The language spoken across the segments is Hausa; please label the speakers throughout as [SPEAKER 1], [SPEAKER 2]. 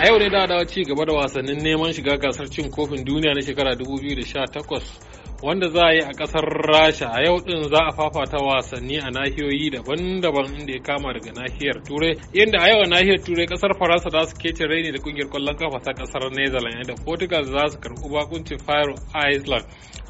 [SPEAKER 1] A yau ne da dawo ci gaba da wasannin neman shiga gasar cin kofin duniya na shekara 2018 wanda za a yi a kasar Rasha a yau din za a fafata wasanni a nahiyoyi daban-daban inda ya kama daga nahiyar Turai inda a yau nahiyar Turai kasar Faransa za su kece raini da kungiyar kwallon kafa ta kasar Netherlands da Portugal za su karɓi bakuncin Faroe Island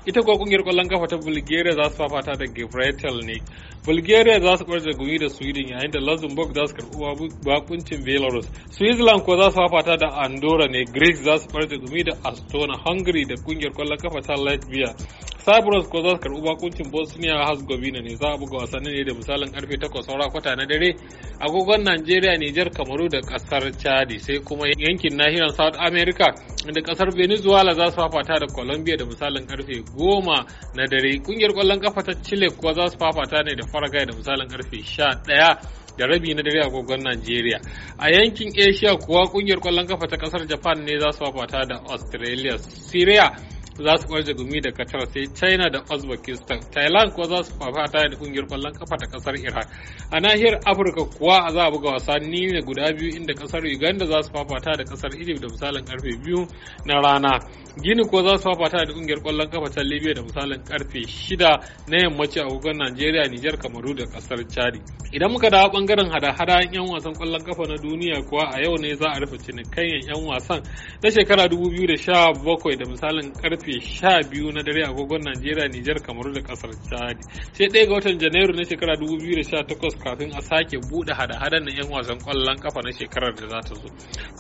[SPEAKER 1] ita kuwa kungiyar kwallon kafa ta bulgaria za su fafata da gibraltar ne bulgaria za su ɓarje gumi da sweden yayin da luxembourg za su karɓi bakuncin belarus switzerland ko za su fafata da andorra ne greece za su ɓarje gumi da astona hungary da kungiyar kwallon kafa ta latvia Sabros ko za su karɓi bakuncin Bosnia Herzegovina ne za a buga wasannin ne da misalin karfe 8 saura kwata na dare agogon Najeriya, Nijar, Kamaru da kasar Chadi sai kuma yankin nahiyar South America da kasar Venezuela za su fafata da Colombia da misalin karfe 10 na dare. Kungiyar kwallon kafa ta Chile kuwa za su fafata ne da faragai da misalin karfe 11 da rabi na dare agogon Najeriya. A yankin Asia kuwa kungiyar kwallon kafa ta kasar Japan ne za su fafata da Australia. Syria za su kwarje gumi da Qatar sai China da Uzbekistan. Thailand kuwa za su fafata da kungiyar kwallon kafa ta kasar Iran. A nahiyar Afirka kuwa a za a buga wasanni ne guda biyu inda kasar Uganda za su fafata da kasar Egypt da misalin karfe biyu na rana. Gini kuwa za su fafata da kungiyar kwallon kafa ta Libya da misalin karfe shida na yammaci a gugun Najeriya, Nijar, Kamaru da kasar Chadi. Idan muka dawo bangaren hada-hada 'yan wasan kwallon kafa na duniya kuwa a yau ne za a rufe cinikayyar 'yan wasan na shekara 2017 da misalin karfe karfe sha biyu na dare agogon Najeriya, Nijar, Kamaru da kasar Chad. Sai ɗaya ga watan Janairu na shekara 2018 kafin a sake bude hada-hadan na 'yan wasan kwallon kafa na shekarar da za ta zo.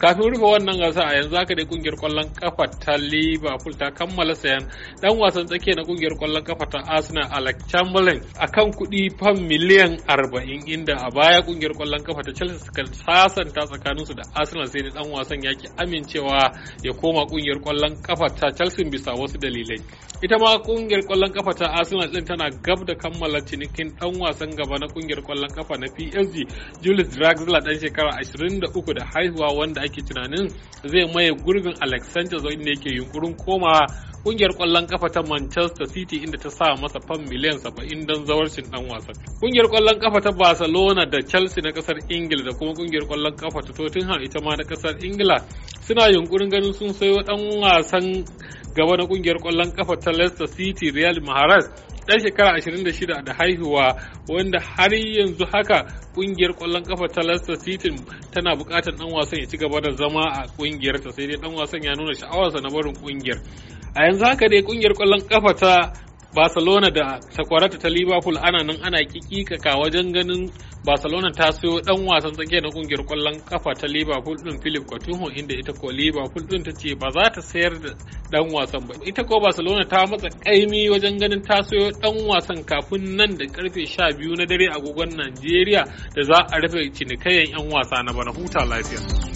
[SPEAKER 1] Kafin rufe wannan gasa a yanzu haka dai kungiyar kwallon kafa ta Liverpool ta kammala sayan dan wasan tsakiya na kungiyar kwallon kafa ta Arsenal Alex Chamberlain akan kuɗi fam miliyan 40 inda a baya kungiyar kwallon kafa ta Chelsea suka sasanta tsakanin su da Arsenal sai da dan wasan ya ki amincewa ya koma kungiyar kwallon kafa ta Chelsea bisa wasu dalilai ita ma kungiyar kwallon kafa ta arsenal din tana gab da kammala cinikin dan wasan gaba na kungiyar kwallon kafa na psg julius draxler dan shekara 23 da haihuwa wanda ake tunanin zai maye gurbin alexander zoin ne yake yunkurin koma kungiyar kwallon kafa ta manchester city inda ta sa masa fam miliyan 70 don zawarcin dan wasan kungiyar kwallon kafa ta barcelona da chelsea na kasar ingila da kuma kungiyar kwallon kafa ta tottenham ita ma na kasar ingila suna yunkurin ganin sun sayo dan wasan gaba na kungiyar kwallon kafa ta Leicester City Real Mahrez dan shekara 26 da haihuwa wanda har yanzu haka kungiyar kwallon kafa ta Leicester City tana bukatar dan wasan ya ci gaba da zama a kungiyar ta sai dai dan wasan ya nuna sha'awarsa na barin kungiyar a yanzu haka dai kungiyar kwallon kafa ta barcelona da sakwarata ta liverpool ana nan ana kikikaka wajen ganin barcelona ta sayo dan wasan tsakiya na kungiyar kwallon kafa ta liverpool din philip coutinho inda ita ko liverpool din ta ce ba za ta sayar da dan wasan ba ita ko barcelona ta matsa kaimi wajen ganin ta sayo dan wasan kafin nan da karfe 12 na dare a agogon nigeria da za a rufe cinikayen yan wasa na bana huta lafiya